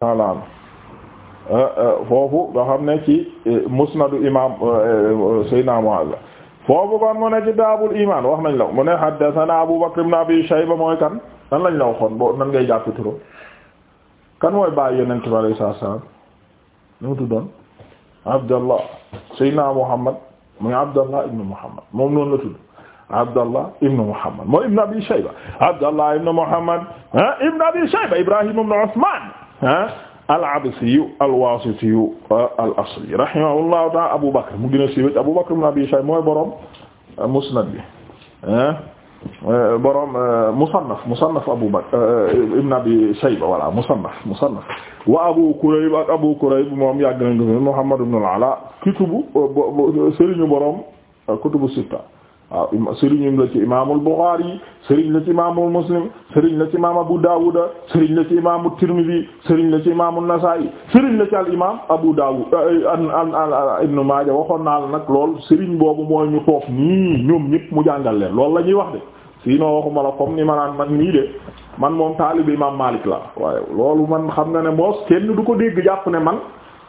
taala euh, euh, foofu nga xam ne ci euh, musnadu imam Seydina Muaz la foofu kon mu ne ci daabul iman wax nañ la mu ne haddathana Abu Bakr ibn Abi Shayba mooy kan nan lañ la waxoon bo nan ngay jàpp turo kan mooy bàyyi yonent bi alayhi salaatu salaam nu mu tuddoon Abdallah Seydina Muhammad muy Abdallah ibn Muhammad moom noonu la tudd Abdallah ibn Muhammad mooy ibn Abi Shayba Abdallah ibn Muhammad ibn Abi Shayba Ibrahim ibn Usman ah al-Absiyu al-Wasitiyu ah, al-asli rahimahullahu ta'ala Abu Bakr mu gën a siiwee Abu Bakr ibn Abi Shayba mooy borom ah, musnad bi ah eh, borom eh, musannaf musannaf Abu Bakr eh, ibn Abi Shayba voilà musannaf musannaf wa Abu Kurayb ak Abu Kurayb moom yàgg nañu ko Muhammad ibn al-Ala kutubu sëriñu borom kutubu sitta waaw ima sëriñam la ci imaamul Bukhari sëriñ la ci imaamul Muslim sëriñ la ci imaam Abu Dawud sëriñ la ci imaamul Tirmidhi sëriñ la ci imaamul Nasa'i sëriñ la ci al imaam Abu Dawud an Ibn Maaja waxoon naa la nag lool sëriñ boobu mooy ñu toog nii ñoom ñëpp mu jàngal leen loolu la ñuy wax de sinon waxuma la comme ni ma naan man nii de man moom taalibe imaam Maalik la waaye loolu man xam nga ne moos kenn du ko dégg jàpp ne man.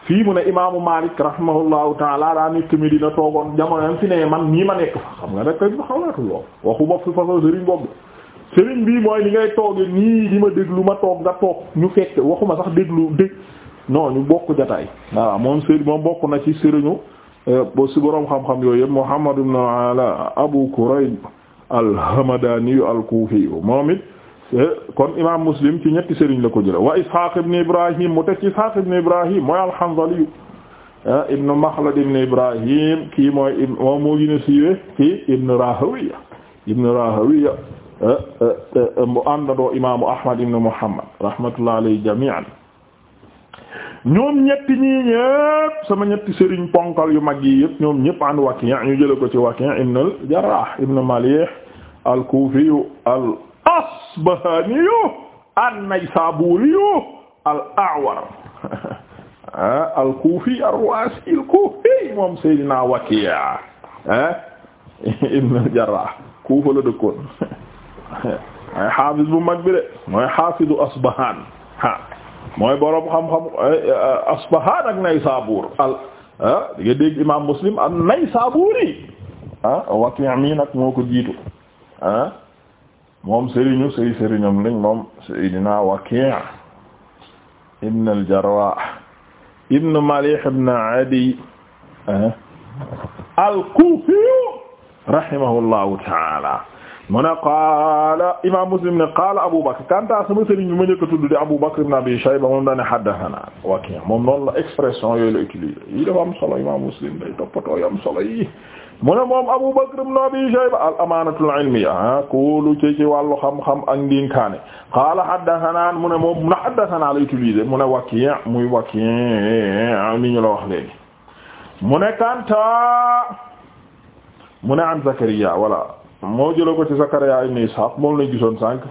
fii mu ne imaamu Malik rahimahullahu taala daa nekk Medina toogoon jamono yam fi ne man nii ma nekk fa xam nga rek koy xalaatu lool waxu bopp fi façon sëriñ boobu sëriñ bii mooy ni ngay tooge nii di ma déglu ma toog nga toog ñu fekk waxuma sax déglu dég non ñu bokk jataay waaw moom sëriñ moom bokk na ci sëriñu euh, ba si boroom xam-xam yooyu yëpp Muhammad ibn Ala Abu Kurayb al-Hamadani al-Kufi moom it Eh, kon imaam muslim ci ñetti sëriñ la ko jëlee wa Ishaq ibn Ibrahim mu teg ci Ishaq ibn Ibrahim mooy al eh, ibn Makhlad ibn Ibrahim kii mooy moom moo gën a siiwee ci ibn Rahawiya ibn Rahawiya eh, mu àndandoo imaamu Ahmad ibn Muhammad rahmatullahi alayhi jami'an ñoom ñetti ñii ñëpp sama ñetti sëriñ ponkal yu mag yi yëpp ñoom ñëpp an Waki' ñu jëlee ko ci Waki' ibn al-Jarrah ibn Malih al-Kufi al asbahaniyu an-naysaburiyu al-a'war ah, al-kufi ar-ru'asi al-kufi moom Seydina Waki' ah, ibn al-Jarrah Kufa la dëkkoon xaafis bu mag bi de mooy xaafidu Asbahan ha mooy borom xam-xam eh, eh, Asbahan ak Naysabur al ah, di nga dégg imaam Muslim an-Naysaburi ah Waki' mi nag moo ko jiitu ah moom sëriñu sëy sëriñam lañ moom Seydina Waki' ibn al-Jarrah ibn Malih ibn Adi ah, al-Kufi rahimahullahu ta'ala mu ne qaala imaam Muslim ne Abu Bakr kanta sama sëriñ bi ma njëkk a tudd di Abu Bakr ibn Abi Shayba moom daan ne haddathana Waki' moom Abu Shayba al amaanatul ilmiya ah kuulu ci ci wàllu xam-xam ak ndiinkaane qaala haddathana mu ne moom na muy Waki' mi ñu la wax léegi mu kanta mu ne Zakariya wala moo jëla ko ci Zakariya ibn Ishaq moom lañ gisoon sànq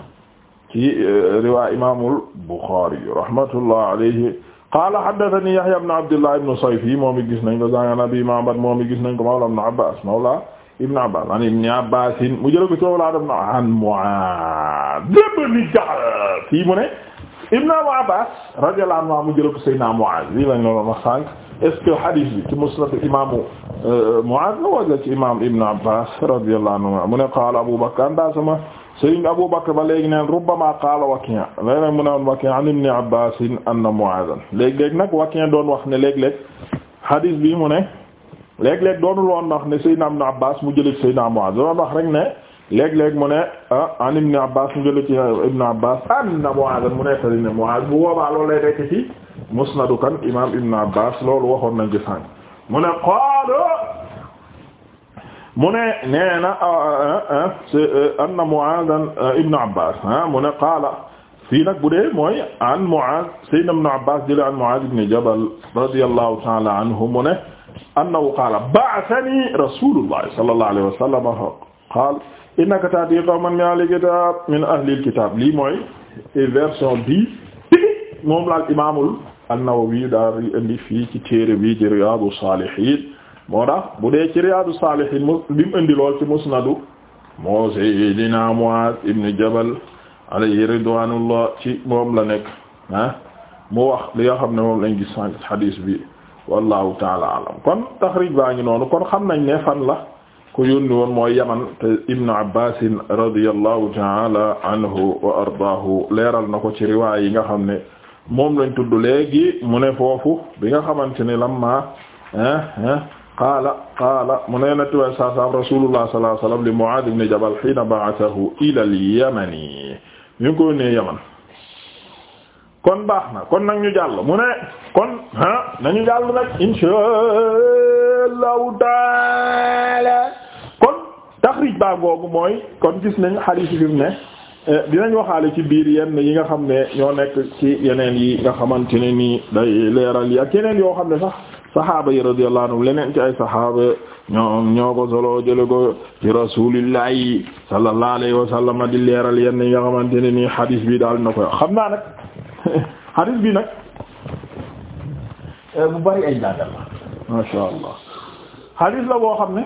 ci euh, riwaa imaamul Buxaari rahmatullah alayhi qaala haddathanii Yahya ibn Abdillah ibn Sayfi moom i gis nañ ko sànq abi Ma'bad moom i gis nañ ko mawla ibn Abbaas mawla ibn Abbaas an ibn Abbaas mu jëla ko ci mawla ibn an Mu'aaz ibn Jabal fii mu ne ibn Abbaas radiyallahu anhu mu jëla ko Sayyidina Mu'aaz lii lañ la doon wax sànq est ce que hadis bi ci musnad imaamu euh, Muaaz wala ci imaam Ibn Abbaas radiyallahu anhu mu ne qaala Abu Bakr anda sama sëriñ Abu Bakr ba léegi neen rubbama qaala Waki' léeg-léeg mu ne woon Waki' an Ibn Abbaas anna Muaazan léeg-léeg nag Waki' doon wax ne léeg-léeg hadis bi mu ne léeg-léeg doonul woon wax ne Seydina Ibn Abbaas mu jëlee Seydina Muaaz doon wax rek ne. léeg-léeg mu ne ah, an ibn abbas mu jële ci ibn abbas anna Mu'aaz mu ne tali ne Mu'aaz bu boobaa loolu lay dekk ci musnadu kan imam ibn abbas loolu waxoon nañ ci sànq mu ne qaala mu ne nee na ah, ah, euh, anna Mu'aaz ibn abbas mu ne qaala fii nag bu dee mooy an Mu'aaz sayyidina ibn abbas jële an Mu'aaz ibn jabal radiyallahu ta'ala anhu mu ne annahu qaala ba'athani rasulullah sallallahu alayhi wa sallam qaala innaka tahdi qawman min ahli kitab min ahli kitab lii mooy version bi moom laal imaamul an-Nawawi daal di indi fii ci téere bi ci Riyadou Salihine moo tax bu dee ci Riyadou Salihine mu mu indi lool ci musnadu moo Seydina Muaz ibn Jabal alayhi ridwanullah ci moom la nekk ah mu wax li nga xam ne moom lañ gis sànq hadis bi wallahu taala alam kon taxrij baa noonu kon xam nañ ne fan la. ko yónni woon mooy yaman te ibnu abbas radiyallahu taala anhu wa ardaahu leeral na ko ci riwaay yi nga xam ne moom lañ tudd léegi mu ne foofu bi nga xamante ne lamma qaala qaala mu ne natti way saa saam rasulullah sallallahu alayhi wasallam li mu'aad ibn jabal hiina ba'athahu ila al-yamani ñu ngi ko ne yaman kon baax na kon nag ñu jàll mu ne kon ha nañu jàll nag insha allahu taala kon taxrij baa googu mooy kon gis nañ xadiis bi mu ne eh, dinañ waxaale ci biir yenn yi nga xam ne ñoo nekk ci yeneen yi nga xamante ne nii day leeral yi yeneen yoo xam ne sax saxaaba yi radiyallahu leneen ci ay saxaaba ñoom ñoo ko solo jële ko ci rasulillahi sallallahu alayhi wa di leeral yenn yi nga xamante ne nii xadiis bi daal na koy xam naa nag xadiis bi nag bu eh, bari ay jàngal la masha Allah xadiis la boo xam ne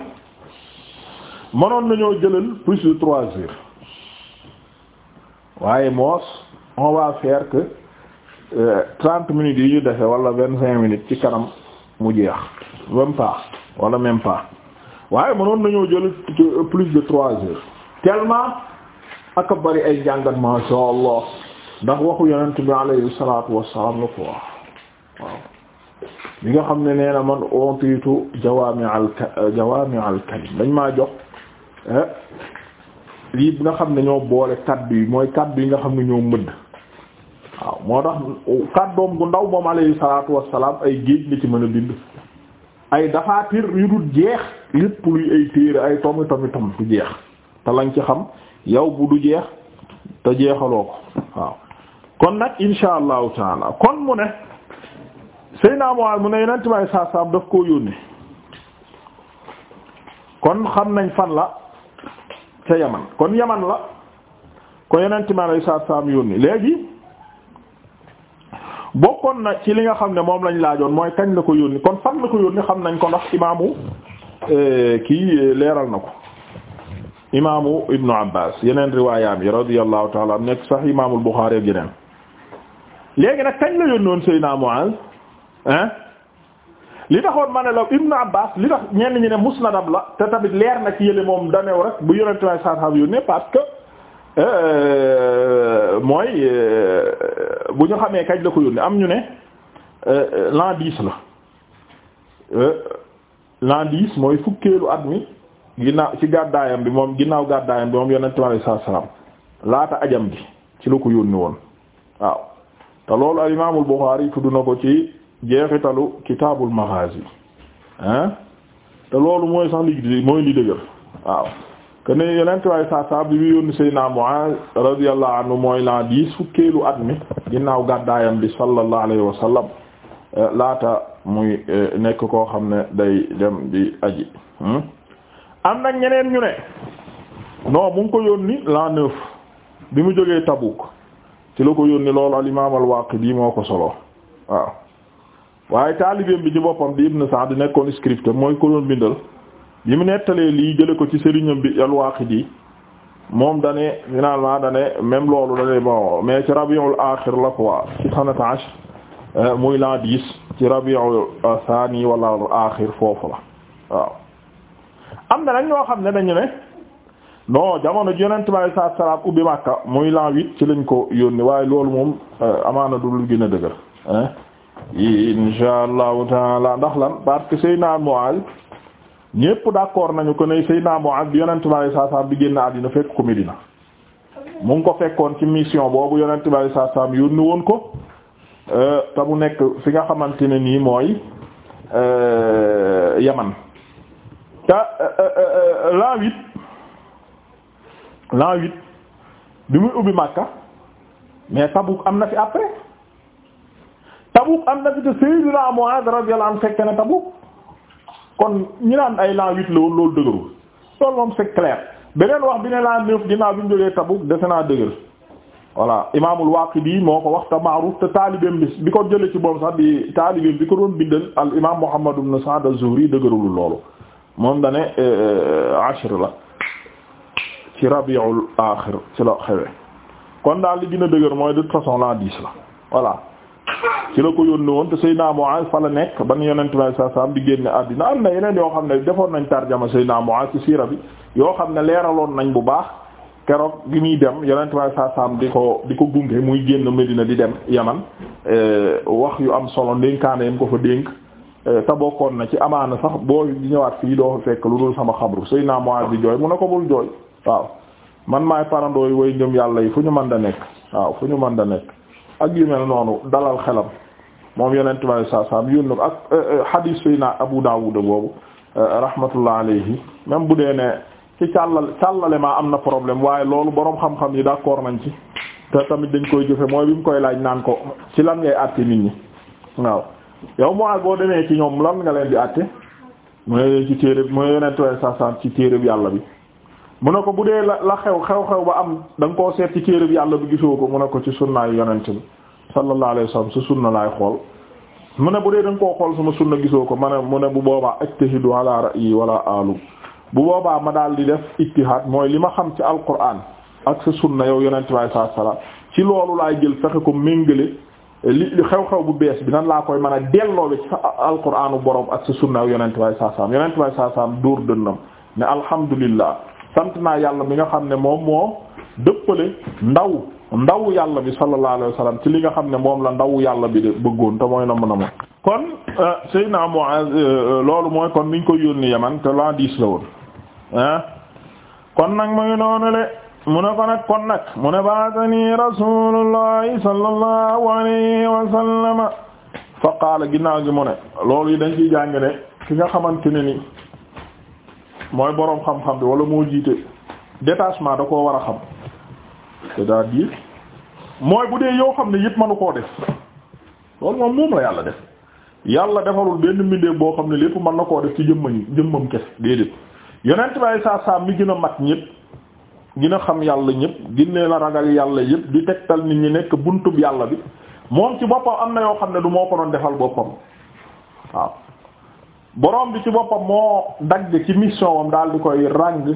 mënoon nañoo jëlal plus de trois heures waaye moos on va faire que euh, trente minutes yi ñu defe wala vingt cinq minutes ci kanam mu jeex même pas wala même pas waaye mënoon nañoo jël plus de trois heures tellement ak a bari ay njàngat ma sha Allah ndax waxu yonent bi alayhi salaatu wassalaam ko quoi li nga xam ne nee na man utiitu jawaami'al jawaami'al dañ maa jox eh, lii nga xam ne ñoo boole kàddu yi mooy kaddu yi nga xam ne ñoo mëdd waaw moo tax kaddoom gu ndaw moom alayhi salaatu wassalaam ay géej la ci mën a bind ay dafaatir yu dul jeex lépp luy ay téere ay tomi tom du jeex te lañ ci xam yow bu du jeex te jeexaloo ko waaw kon nag insha allahu taala kon mu ne Seydina Muaaz mu ne yonent bi saa saam daf koo yónnee kon xam nañ fan la ca Yaman kon Yaman la kon yonent bi saa saam yónnee léegi bokkoon na ci li nga xam ne moom lañ laajoon mooy kañ la ko yónnee kon fan la ko yónnee xam nañ ko ndax imaamu eh, kii eh, leeral na ko imaamu Ibnu Abbaas yeneen riwaayaam yi radiyallahu ta'ala nekk sax imaamul Buxaari ak yeneen léegi nag kañ la yónnoon Seydina Muaaz ah li taxoon ma ne la Ibn Abbas li tax ñenn ñi ne musnadam la te tamit leer na ci yële moom danew rek bu yonent may saasam yu ne parce euh, mooy euh, bu ñu xamee kañ la ko yónnee am ñu ne euh, l'an dix la l'an mooy fukkeelu at mi ginnaaw ci gàddaayam bi moom ginnaaw gàddaayam bi moom yonent mi saa laata ajam bi ci la ko yónnee woon waaw te loolu al imaamul Buxaari tudd na ko ci. jeexitalu kitaabul maghazi ah te loolu mooy sax li mooy li dëgër waaw kene yenent waaye saa sa bi bi yónni Seydina Muaz radiyallahu anhu mooy la dix fukkeelu at mi ginnaaw gàddaayam bi sallallahu alayhi wa euh, laata muy euh, nekk koo xam ne day dem di aji hmm? am nag ñeneen ñu ne non mu ngi ko yónni la neuf bi mu jógee Tabuk ci la ko yónni loolu al imam moo ko solo waaw waaye taalibeem bi ci boppam di Ibn Sa'd nekkoon scripteur mooy ko doon bindal bi mu nettalee lii jële ko ci sëriñam bi al-Waaqidi moom dane finalement dane même loolu dane mais ci rabiul axir la quoi ci sanat ashre euh, muy l'an dix ci rabiul thani wala axir foofu la waaw am na nag ñoo xam ne dañu ne noo jamono ji yonent bi alei salaatu salaam ubbi Makka muy l'an huit ci lañ ko yónni waaye loolu moom euh, amaana du lu gën a dëgër yi insha allahu la ndax lan parce que Seydina Muaz ñépp d'accord nañu ko ne Seydina Muaz bi yonent bi saa saa bi génn àddina fekk ko Medina mu fekkoon ci mission boobu yonent bi saa saa yónni woon ko euh, te mu nekk fi nga xamante ne nii mooy euh, Yaman euh, l'an huit l'an huit bi muy ubbi Makka mais Tabuk am na fi après. Tabuk am na fi te Sayyidina Mu'adh radiyallahu anhu fekk na Tabuk kon ñi naan ay la huit la woon loolu dëgëru loolu moom c'est beneen wax bi ne la neuf ginnaaw bi ñu jógee Tabuk dese naa dëgër voilà imaamul Waaqidi moo ko wax te ma'ruf te taalibeem bi bi ko jëlee ci boom sax di taalibeem bi ko doon bindal al imaam Muhammad ibn Sa'd az-Zuhri dëgërul loolu moom da ne eh, eh, la ci Rabiul Aaxir ci la xewe kon daal li gën a dëgër mooy de toute façon la dix la voilà. ci la ko yónnee woon te Seydina Muaz fa la nekk ban yonent bi sallallahu alayhi wasallam di génne àddina am na yeneen yoo xam ne defoon nañ tarjama Seydina Muaz ci siira bi yoo xam ne leeraloon nañ bu baax keroog gi muy dem yonent bi sallallahu alayhi wasallam di ko di ko gunge muy génn Medina di dem Yaman eh, wax yu am solo ndénkaane yam ko fa dénk eh, te bokkoon na ci amaana sax boo ñëwaat fii doo fa fekk lu dul sama xabru Seydina Muaz di jooy mu ne ko bul jooy waaw man maay parandooy way ngëm yàlla yi fu ñu mën da nekk waaw ñu mën da ak yu mel noonu dalal xelam moom yonent bi sallallahu alayhi wasallam yónn ak euh, euh, hadith sayna Abu Dawud boobu euh, rahmatullah alayhi même bu dee ne ci càllal càllale maa am na problème waaye loolu boroom xam-xam yi d'accord nañ ci te tamit dañ koy jëfe mooy bi mu koy laaj naan ko ci lan ngay àtte nit ñi waaw yow Mu'aaz boo demee ci ñoom lan nga leen di àtte mu ne ci téere mu ne yonent bi sallallahu ci téere bi yàlla bi mu ne ko bu dee la la xew xew-xew ba am da koo seet ci téere bi yàlla bi gisoo ko mu ko ci sunnaayu yonent bi sallallahu alayhi wasallam sa sunna laay xool mu ne bu dee danga koo xool sama sunna gisoo ko ma ne mu ne bu boobaa ajtahidu ala ra'yi wala alu bu boobaa ma daal di def ijtihaad mooy li ma xam ci alquran ak sa sunna yow yonente bi saa salaam ci loolu laay jël fexe ko méngale li li xew-xew bu bees bi nan laa koy mën a delloowe ci sa alquranu borom ak sa sunna yow yonente bi saa salaam yonente bi saa salaam dóor dënnam ne alhamdulillah sant naa yàlla mi nga xam ne moom moo dëppale ndaw ndaw yàlla bi sallallahu alayhi wa ci li nga xam ne moom la ndaw yàlla bi de bëggoon te mooy na mën a mën kon euh, Seydina Muaz euh, loolu mooy kon niñ ko yónni Yaman te nag mu ngi ne ko nag kon nag mu ne baatani rasulullahi sallallahu alayhi wa sallam ginnaaw gi mu ne loolu yi dañ ciy jàng ne ki nga xamante ne ni mooy boroom xam-xam bi wala moo jiite détachement da koo war a xam c'est-à-dire mooy bu dee yoo xam ne yëpp manu koo def loolu moom moom la yàlla def yàlla defalul benn mbindeef boo xam ne lépp mën na koo def ci jëmmañ jëmmam kese déedéet yonent bay saa saa mi gën a mag ñëpp gën a xam yàlla ñëpp ne la ragal yàlla yëpp di tegtal nit ñi nekk buntub yàlla bi moom ci boppam am na yoo xam ne du moo ko doon defal boppam waaw borom bi ci boppam moo dagg ci mission wam daal di koy ràng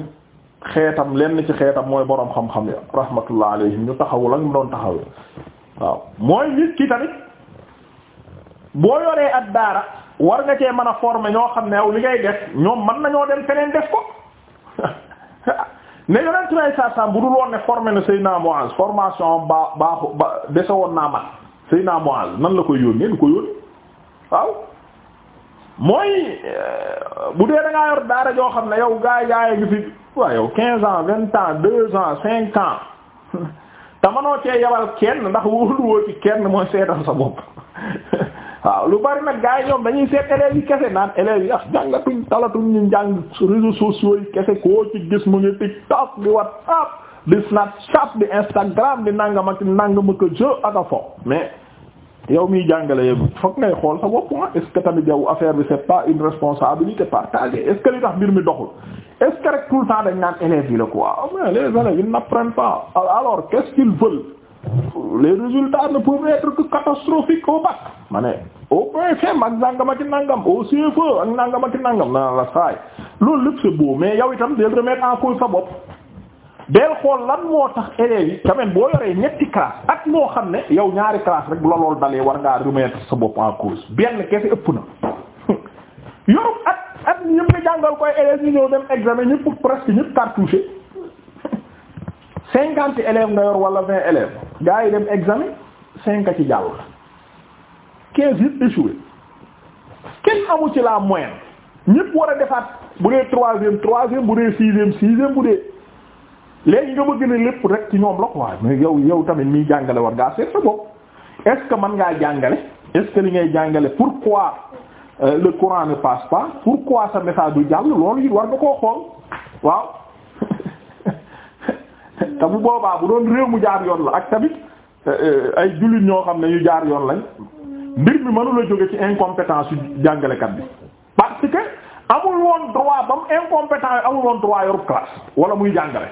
xeetam lenn ci xeetam mooy boroom xam-xam ya rahmatullah alayhim ñu taxawu lañ doon taxawee waaw mooy nit ki tamit boo yoree ak daara war nga cee mën a former ñoo xam ne yow li ngay def ñoom man nañoo dem feneen def ko ne yonent nay saasam bu dul woon ne formé na Seydina Muaz formation ba baaxu ba dese woon naa man Seydina Muaz nan la koy yónnee du ko yónnee waaw mooy euh, bu dee da yor daara joo xam ne yow gaay gaay ngi fi waaw yow quinze ans vingt ans deux ans cinq ans te manoo cee yabal kenn ndax wóolu woo ci kenn mooy seetal sa bopp waaw lu bari nag gars yi ñoom dañuy seet élèves yi kese naan élèves yi ah jàngatuñ talatuñ ñu njàng réseaux sociaux yi kese koo ci gis mu ngi TikTok di WhatsApp di Snapchat di Instagram di nangam ak nangam ak a jë ak a fo mais yow mi jàngale yow foog ngay xool sa bopp ah est-ce yow affaire bi c'est pas une responsabilité partagée est li tax mbir mi doxul est-ce que rek tout le temps dañ naan élèves yi la quoi ah, mais les élèves ils n'apprennent pas ah, alors qu'est-ce qu'ils veulent les résultats ne peuvent être que catastrophiques au bac ma ne au BFM ak nangam ak nangam au CFEE ak nangam nangam na la saay loolu lépp c'est beau mais yow itam del remettre en cause sa bopp del xool lan moo tax élèves yi quand boo yoree ñetti classe at moo xam ne yow ñaari classe rek bu la lool dalee war ngaa remettre sa bopp en cause benn kese ëpp na yorum at at ñëpp nga jàngal koy élèves ñu ñëw dem examen ñëpp presque ñëpp cartouché cinquante élèves nga yor wala vingt élèves gaa yi dem examen cinq a ci jàll quinze yëpp échoué kenn amu ci la moyenne ñëpp war a defaat bu dee troisième troisième bu dee sixième sixième bu dee léegi nga bëgg ne lépp rek ci ñoom la quoi mais yow yow tamit miy jàngale war ngaa seet sa bopp est-ce que mën ngaa jàngale est-ce que li ngay jàngale pourquoi euh, le Coran ne passe pas pourquoi sa message du jàll loolu it war nga koo xool waaw te mu boobaa bu doon réew mu jaar yoon la ak tamit euh, euh, ay jullit ñoo xam ne ñu jaar yoon lañ mbir mi mënula jóge ci incompétence yu jàngalekat bi parce que amul woon droit ba mu incompétent amul woon droit yorub classe wala muy jàngale.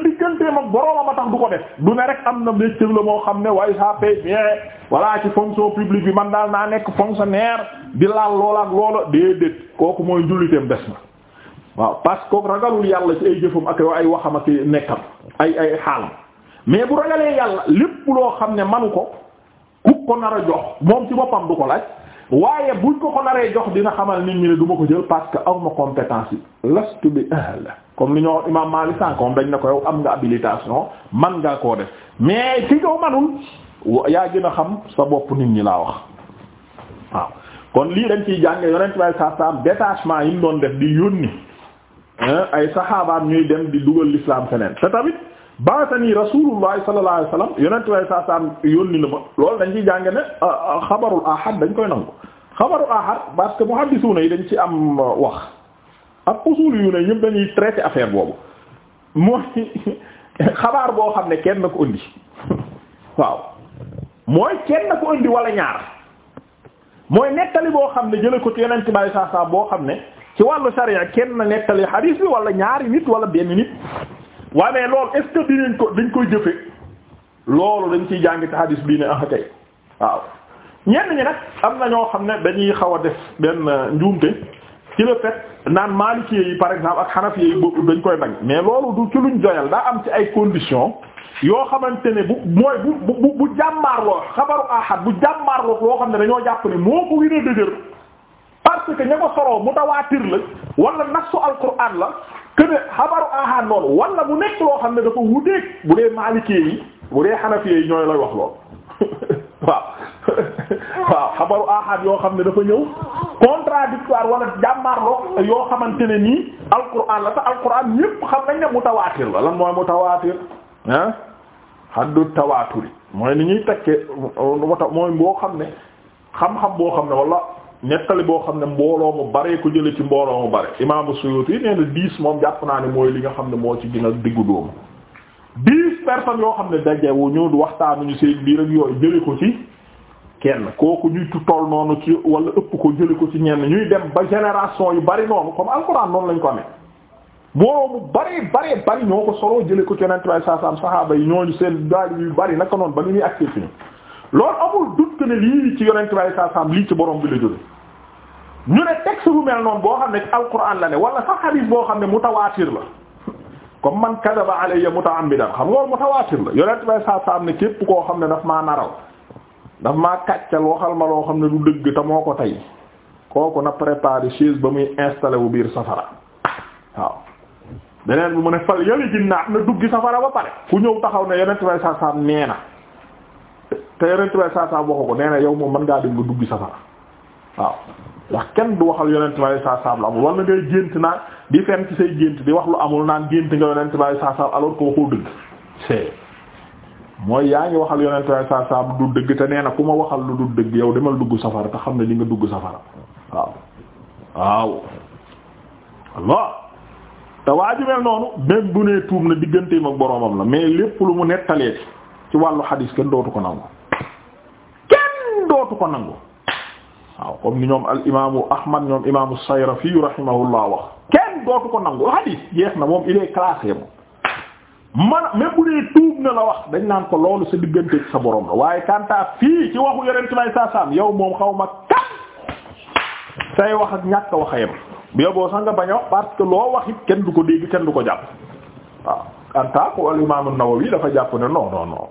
te digganteem ak boroomam a tax du ko def du ne rek am na métier la moo xam ne waaye ça paye bien voilà ci fonction publique bi man daal naa nekk fonctionnaire di laal loola ak loola déedéet kooku mooy julliteem des na waaw parce que ragalul yàlla ci ay jëfam ak ay waxam ak nekkam ay ay xaalam mais bu ragalee yàlla lépp loo xam ne manu ko ku ko nar a jox moom ci boppam du ko laaj waaye buñ ko ko naree jox dina xamal nit ñi ne du ko jël parce que aw comme li ñoo imam Malik sànkom dañ na ko am nga habilitation man ngaa koo def mais ki ko manul yaa gën a xam sa bopp nit ñi laa wax waaw kon lii dañ ciy jànge yonent bay sa sam yi mu doon def di yónni ay saxaabaam ñuy dem di dugal l'islam feneen te tamit baatani rasulullah sallallahu alayhi wasallam yonent yónni na ma loolu dañ ciy jànge ne xabarul ahad dañ koy nangu xabarul ahad parce que muhaddisuna yi dañ ci am euh, wax ak usul yu ne ñëpp dañuy traité affaire boobu mooy xabaar boo xam ne kenn na ko indi waaw mooy kenn na ko indi wala ñaar mooy nettali boo xam ne jële ko ci yeneen tubaab yi saa boo xam ne ci wàllu sariya kenn na nettali xadiis bi wala ñaari nit wala benn nit waaye mais loolu est ko dañ koy jëfe loolu dañ ciy jàng ci xadiis bii ne ah kay waaw ñenn ñi nag am na ñoo xam ne dañuy xaw a def benn njuumte ci le naan Maliki yi par exemple ak Hanafi yi dañ koy bañ mais loolu du ci luñ joyal daa am ci ay condition yoo xamante ne bu mooy bu bu bu jàmmaarloo xabaru ahad bu jàmmaarloo loo xam ne dañoo jàpp ne moo ko gën parce que ña ko soroo mutawaatir la wala nassu alquran la que ne xabaru ahad noonu wala bu nekk loo xam ne dafa wuteeg bu dee Maliki yi bu dee Hanafi yi ñooy lay wax lool waaw xabaru ahad yoo xam ne dafa ñëw. contradictoire wala jàmmarloo yoo xamante ne nii alquran la te alquran ñépp xam nañ ne mutawaatir la lan mooy mutawaatir ah haddu tawaaturi mooy ni ñuy tekkee mooy boo xam ne xam boo xam ne wala nettali boo xam ne mbooloo mu bare ko jële ci mbooloo mu bare imaamu Suyuti nee na moom jàpp naa ne mooy li nga xam ne moo ci dina a diggu dóomu dix personnes yoo xam ne daje wu ñu waxtaanuñu seen biir ak yooyu jële ko ci kenn kooku ñuy tool noonu ci wala ëpp ko jële ko ci ñenn ñuy dem ba génération yu bari noonu comme alxuraan noonu lañ ko amee mbooloo mu bari bari ñoo ko soloo jële ko ci yonent bi saasaam saxaaba yi ñooñu seen daal yu bari naka noonu ba ñu ñuy accès fi ñu loolu amul doute que ne lii ci yonent bi saasaam lii ci borom bi la jóge ñu ne texte bu mel noonu boo xam ne alxuraan la ne wala sax hadith boo xam ne mu mutawaatir la kon man kadaba alayya muta'ammidan xam nga loolu mutawaatir la yonent bi saasaam ne képp koo xam ne daf maa naraw daf maa kàccal waxal ma loo xam ne du dëgg te moo ko tey kooku na préparer chaise ba muy installé wu biir safara waaw beneen bi mu ne fal yële ji naat na duggi safara ba pare ku ñëw taxaw ne yonent bay saasaam nee na te yonent bay saasaam na yow moom mën ngaa dem nga duggi safara waaw ndax kenn du waxal yonent bay saasaam lu amul wala ngay gént naa di fenn ci say gént di wax lu amul naan gént nga yonent bay saasaam alors que waxoo dëgg mooy yaa ngi waxal yonent bi saa saa bu du dëgg te nee na ku ma waxal lu du dëgg yow demal dugg safara te xam ne li nga dugg safara waaw waaw Allah te waa ju mel noonu même bu nee tuub na digganteem ak boroomam la mais lépp lu mu nettalee ci wàllu xadiis kenn dootu ko nangu kenn dootu ko nangu waaw comme ni ñoom al imaamu Ahmad ñoom imaamu Sayrafi rahimahullah wax kenn dootu ko nangu xadiis jeex na moom il est moom man même bu dee tuub na la wax dañ naan ko loolu sa diggante sa borom la waaye kantaa fii ci waxu yorenti may saasaam yow moom xaw ma kat say wax ak ñàkk a wax a yem yoboo sax nga bañ a wax loo wax it kenn du ko dégg kenn du ko jàpp waaw kantaa ko al imam an-Nawawi dafa jàpp ne non non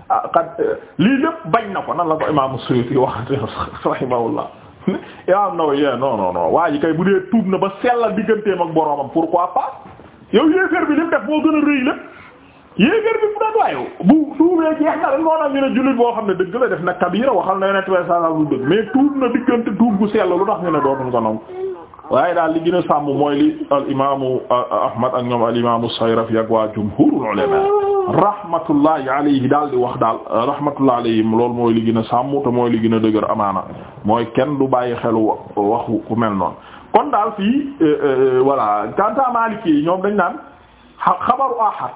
ah, euh, lii lépp bañ na ko nan la ko imam Suyuti waxate rahimahullah imam Nawawi non non non waa ji kay bu dee tuub na ba sellal digganteem ak boromam pourquoi pas yow yéeféer bi lim def moo gën a rëy la yéeféer bi mu doon waayu bu tuubee jeex na moo tax ñu ne jullit boo xam ne dëgg la def na kabira waxal na yonent way sala lu dëgg mais tuub na diggante tuub gu sell lu tax ñu ne dootuñ ko nangu waaye daal li gën a sàmm mooy li al imaamu ahmad ak ñoom al imaamu sayrafi ak waa jumhurul ulama rahmatullahi alayhi daal di wax daal rahmatullahi alayhim loolu mooy li gën a sàmm te mooy li gën a dëgër kenn du bàyyi xelu kon daal fii euh, euh, voilà kanta Maliki yi ñoom dañ naan xabaru ahad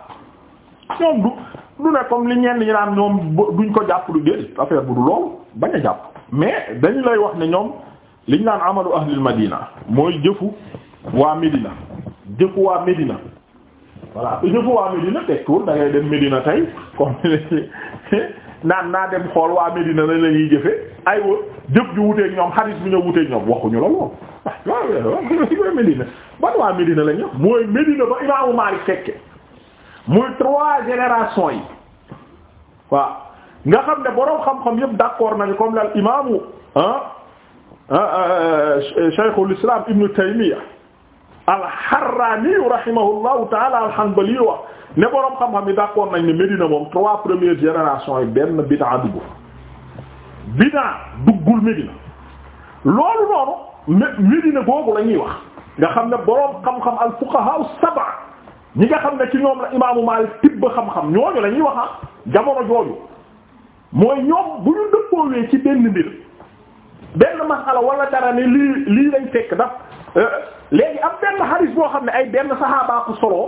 ñoom du du ne comme li ñenn ñi naan ñoom duñ ko jàpp du déedéet affaire bu du loolu bañ a jàpp mais dañ lay wax ne ñoom liñ naan amalu ahlil madina mooy jëfu waa Médina jëfu waa Médina voilà ëjëfu waa Médina tegtuwul da ngay dem Médina tey comme naan naa dem xool waa Médina la ñuy jëfe aywa jëf ju wuteeg ñoom xaris bi ñoo wuteeg ñoom waxuñu la lool waaw Médina ban waa Médina la ñu mooy ba Imaamu Maalik fekke muy trois générations yi waaw nga xam ne boroom xam-xam yëpp d'accord nañu comme la imaamu ah euh, ah Shaykhul Islam Ibn Taymiyya alxarraani rahimahullahu taala alhanbali wax ne boroom xam-xam yi d'accord nañ ne Medina moom trois premières générations yi benn bid'a dugg bid'a duggul Medina loolu noonu Medina googu la ñuy wax nga xam ne boroom xam-xam al fuqaha sab'a ñi nga xam ne ci ñoom la imaamu Maalik tibb xam-xam ñooñu lañuy wax ah jamono jooju mooy ñoom bu ñu dëppoowee ci benn mbir benn masala wala dara lii lii lañ fekk daf Euh, léegi am benn hadith boo xam ne ay benn saxaaba ko solo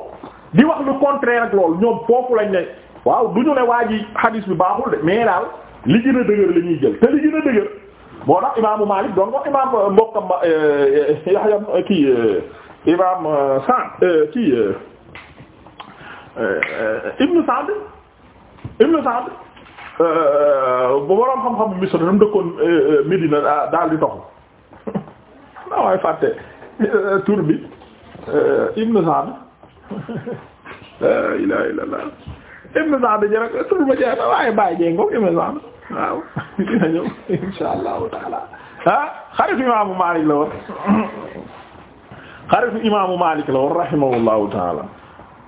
di wax lu contraire ak loolu ñoom foofu lañ ne waaw du ñu ne waa ji hadith bi baaxul de mais daal li gën a dëgër la ñuy jël te li gën a dëgër moo tax imaamu Maalik doon imaam mbokkam Yahya kii imaam bu boroom xam-xam Misr euh, euh, daal di toxu daa waay fàtte Euh, tur bi euh, ibnu Sa'd la ilaha illallah ibnu Sa'd ji rek tur ba jeex na waaye ibnu Sa'd waaw dina ñëw insha allahu taala ah xaritu imaamu Maalik la woon xaritu imaamu Maalik la woon rahimahullahu taala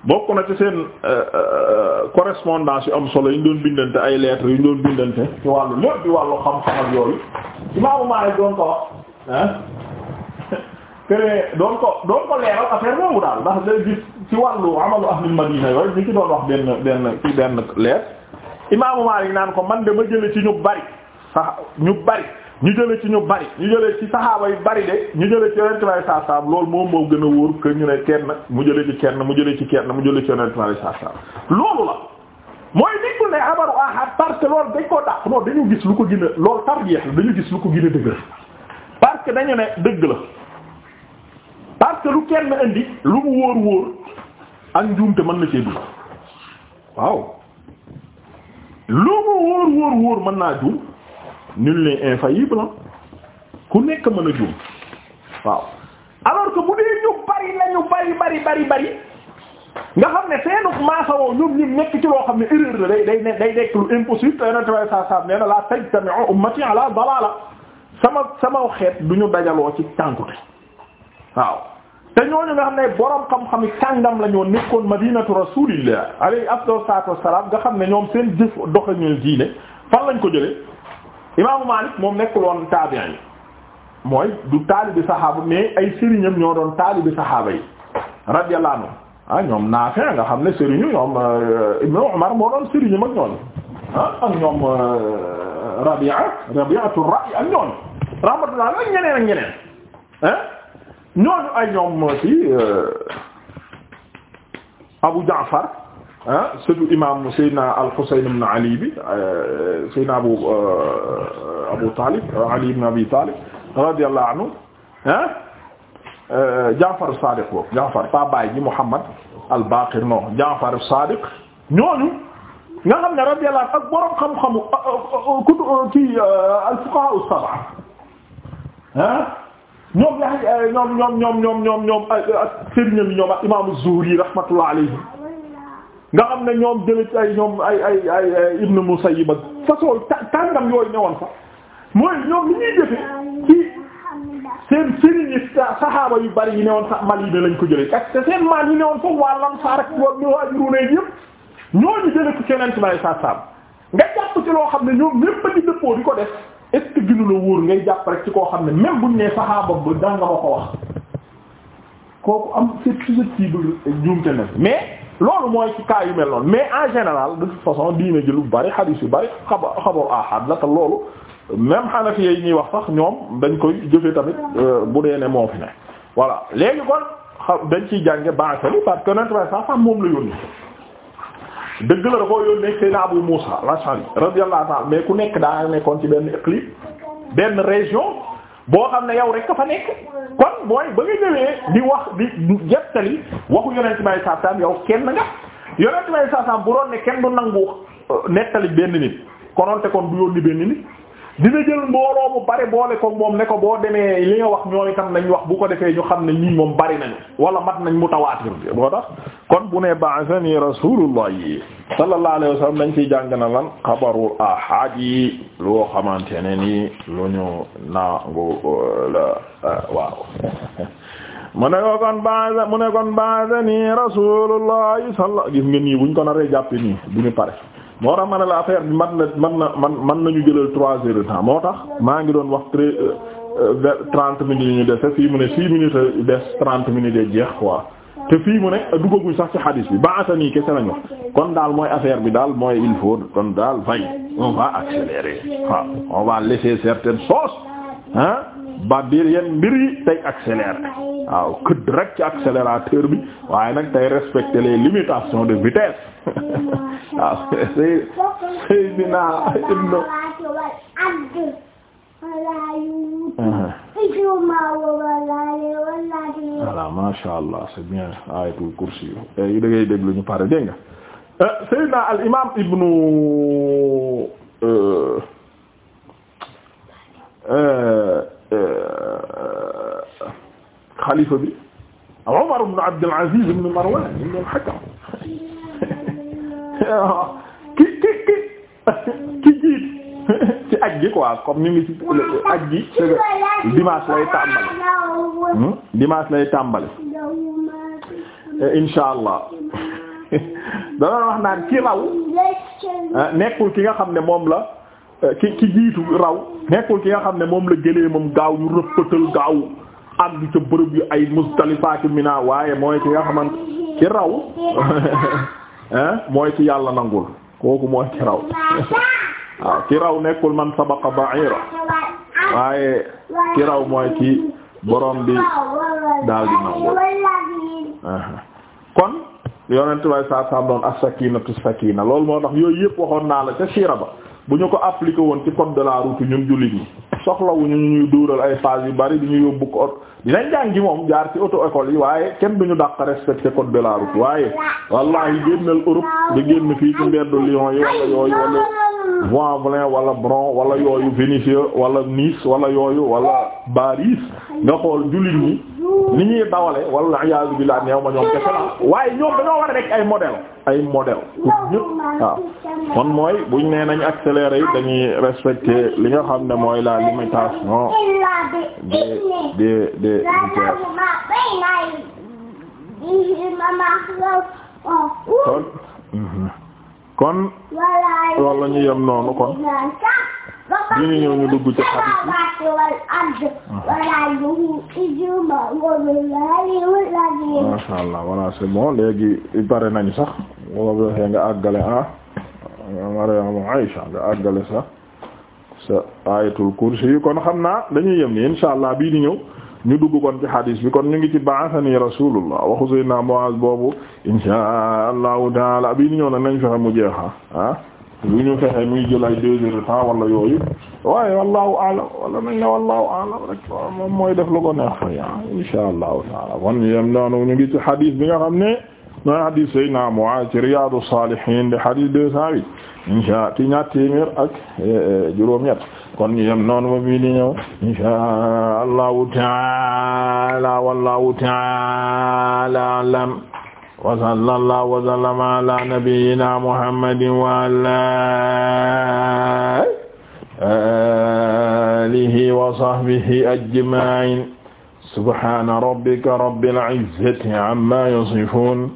bokk na ci seen euh, correspondance yu am solo yu ñu doon bindante ay lettres yu ñu doon bindante ci wàllu lépp di wàllu xam-xam yooyu imaamu Maalik doon ko wax te doon ko doon ko leeral affaire boobu daal ndax day gis ci wàllu amalu ahlul madina yooyu ñu ci doon wax benn benn ci benn leer imaamu Maalik naan ko man de ma jële ci ñu bari sax ñu bari ñu jële ci ñu bari ñu jële ci saxaaba yu bari de ñu jële ci yonent bi saa saa loolu moom moo gën a wóor ñu ne kenn mu jële ci kenn mu jële ci kenn mu jële ci yonent bi saa saa loolu la mooy nekkul ne abaru ahad parce que loolu dañ koo dàq non dañu gis lu ko gën a loolu tarjeex la dañu gis lu ko gën a dëgër parce ne dëgg la parce que lu kenn indi lu mu wóor wóor ak njuumte mën na cee dugg waaw lu mu wóor wóor wóor mën naa juum nul n'est infaillible ku nekk mën a juum waaw alors que bu dee ñu bari lañu bari bari bari bari nga xam ne seenuk maasawoo ñoom ñi nekk ci loo xam ne erreur la day day nekk lu impossible te yonente way sa sam nee na la tajtami'u ummati ala dalala sama sama xeet du ñu dajaloo ci tànkute waaw te ñooñu nga xam ne borom xam-xam yi kàngam la ñoo nekkoon madinatu rasulillah alayhi afdalu salaatu wassalaam nga xam ne ñoom seen jëf doxañu diine fan lañ ko jëlee imaamu Maalik moom nekkul woon taabi'in yi mooy du taalibi saxaaba mais ay sëriñam ñoo doon taalibi saxaaba yi radiyallahu anhu ah ñoom Naafi nga xam ne sëriñu ñoom euh, Ibnu Umar moo doon sëriñu mag ñoon ah ak ñoom euh, Rabi'a Rabi'atu Ra'y ak ñoon rahmatullah ak ñeneen ak ñeneen ah ñooñu ay ñoom ci euh, Abu Jaafar ah sëtu imam Seydina al-Husayn ibn Ali bi euh, Seydina Abu euh, Abu Talib Ali ibn Abi Talib radiyallahu anhu ah Jaafar Sadiq boobu Jaafar pa baay ji Muhammad al-Baqir non Jaafar Sadiq ñooñu nga xam ne radiyallahu anhu ak borom xam-xamu ku ci al-fuqaha as-sab'a ah ñoom yaay eh, ñoom ñoom ñoom ñoom ñoom ñoom eh, eh, ak sëriñam ñoom ak imaamu Zuhri rahmatullah alayhi nga xam na ñoom jële ci ay ñoom ay ay ay Ibn Musayyib ak façon tàngam yooyu newoon fa mooy ñoom li ñuy jëfe ci seen sëriñ yi saxaaba yu bari yi newoon sax Madina lañ ko jëlee ak te seen maam yi newoon foofu waa Ansaar ak waa Muhaajiruun yëpp ñooñu jëlee ko keneen ci saa saab nga jàpp ci loo xam ne ñoom ñépp a di dëppoo di ko def. est ce la wóor ngay jàpp rek ci koo xam ne même buñ ne saxaaba ba danga ma ko wax kooku am c'est susceptible juumte na mais loolu mooy ci cas yu mel noonu mais en général de toute façon diine ji lu bari hadith yu bari xaba xabaru ahad la te loolu même Hanafi yi ñuy wax sax ñoom dañ koy jëfe tamit euh, bu dee ne moo fi ne voilà léegi kon dañ ciy jànge baaxali parce que nentway sax sax moom la yoon yónni dëgg la da koo yónnee Seydina Abu Muusa al-Ash'ari radiyallahu ta'ala mais ku nekk daa nekkoon ci benn iqlim benn région boo xam ne yow rek ka fa nekk kon mooy ba nga ñëwee di wax di jettali waxu yonent may saasaam yow kenn nga yonent may saasaam bu doon ne kenn du nangu euh, nettali benn nit konoon te kon du yónni benn nit dina jël mbooloo mu bari boole ko moom ne ko boo demee li nga wax ñooy tam nañ wax bu ko defee ñu xam ne ñii moom bari nañu wala mat nañ mu mutawaatir boo tax kon bu ne ba'athani rasulullah yi sallallahu alayhi wasallam dañ ciy jàng na lan xabaru ahad yi loo xamante ne nii lu ñu nangu uh, la uh, waaw mu ne mu ne kon ba'athani rasulullah yi salla gis nga nii buñ ko naree jàppe nii duñu pare moo tax ma ne la affaire bi man na man na man man nañu jëlal trois heures de temps moo tax maa ngi doon wax très euh, euh, trente minutes yi ñu dese fii mu ne six minutes des trente minutes de jeex quoi te fii mu ne duggaguñ sax ci xadis bi baasa nii kese lañ wax kon daal mooy affaire bi daal mooy il faut kon daal fay on va accélérer waaw on va laisser certaines choses hein ba biir yenn mbir yi tey accéléré waaw këdd rek ci accélérateur bi waaye nag tey respecter les limitations de vitesse waaw say Seydina Ibn voilà masha Allah c'est bien ayatul kursi yu eh, da ngay déglu ñu pare dégg nga eh, Seydina al imam ibnu eh, Euh, xalifa bi Umar ibn Abd al-Aziz ibn Marwan ñu doon xakam ki ki ki ki jiit ci aj gi quoi comme ni aj gi dimanche lay tàmbali hmm? dimanche lay tàmbali insha allah danoon wax naan ki raw eh, nekkul ki nga xam ne moom la eh, ki ki jiitu raw nekkul ci nga xam ne moom la jëlee moom gaaw ñu rëppatal gaaw àgg ca bërëb yu ay Muzdalifa ci Mina waaye mooy ci nga xamante ci raw mooy ci yàlla nangul kooku mooy ci raw waaw ci raw nekkul man sabaqa ba'ira waaye ci raw mooy ci borom bi daal di nangul kon yonent way saa sam doon as-sakinatu sakina loolu moo tax yooyu yëpp waxoon naa la ca siira ba bu ñu ko appliqué woon ci code de la route ñun jullit ñi soxlawuñu ñu ñuy dóoral ay phase yu bari di ñu yóbbu ko ot dinañ jàngi moom jaar ci auto école yi waaye kenn ñu dàq respecté code de la route waaye wallahi génnal Europe da génn fii ci mbeddu Lyon yi wala yooyu wala Vanvelin wala Bron wala yooyu Vénissieux wala Nice wala yooyu wala Paris nga xool jullit ñi ni ñuy dawale wala bi billah neew ma ñoom kese la waaye ñoom dañoo war a rek ay model ay model pour waaw kon mooy buñ nee nañ accéléré dañuy respecter li nga xam ne mooy la limitation des des des vitesses kon mhm. kon loolu la ñu yem noonu kon bi ñu ñëw ñu dugg ci hadith masha Allah voilà c'est bon léegi pare nañ sax boo ko nga àggale ah. maryamu Aïcha nga àggale sa sa ayatul kursi kon xam naa dañuy yem ni insha allah bii di ñëw ñu dugg kon ci hadis bi kon ñu ngi ci baax ba'athani rasulullah waxu na Muaz boobu insha allahu taala bii di ñëw nag nañ fexe mu jeexa ah lu ñu fexe muy jël ay deux heures de temps wala yooyu waaye wallahu a'lam wala nañ ne wallahu a'lam rek moom mooy def lu ko neex fa ya insha allahu taala kon ñu yem noonu ñu ngi ci hadis bi nga xam ne mooy hadis Seydina Muaaz ci Riyaadu Saalihiin di hadis deux cent huit insha ci ñaar téeméer ak eh, eh, juróom-ñett kon ñu yem noonu ba bii di ñëw insha Allahu ta'aala wallahu ta'aala a'lam wa sallallahu wa sallama ala nabiyyina Muhammadin wa ala alihi wa sahbihi ajma'in subhana rabbika rabbil izzati amma yasifun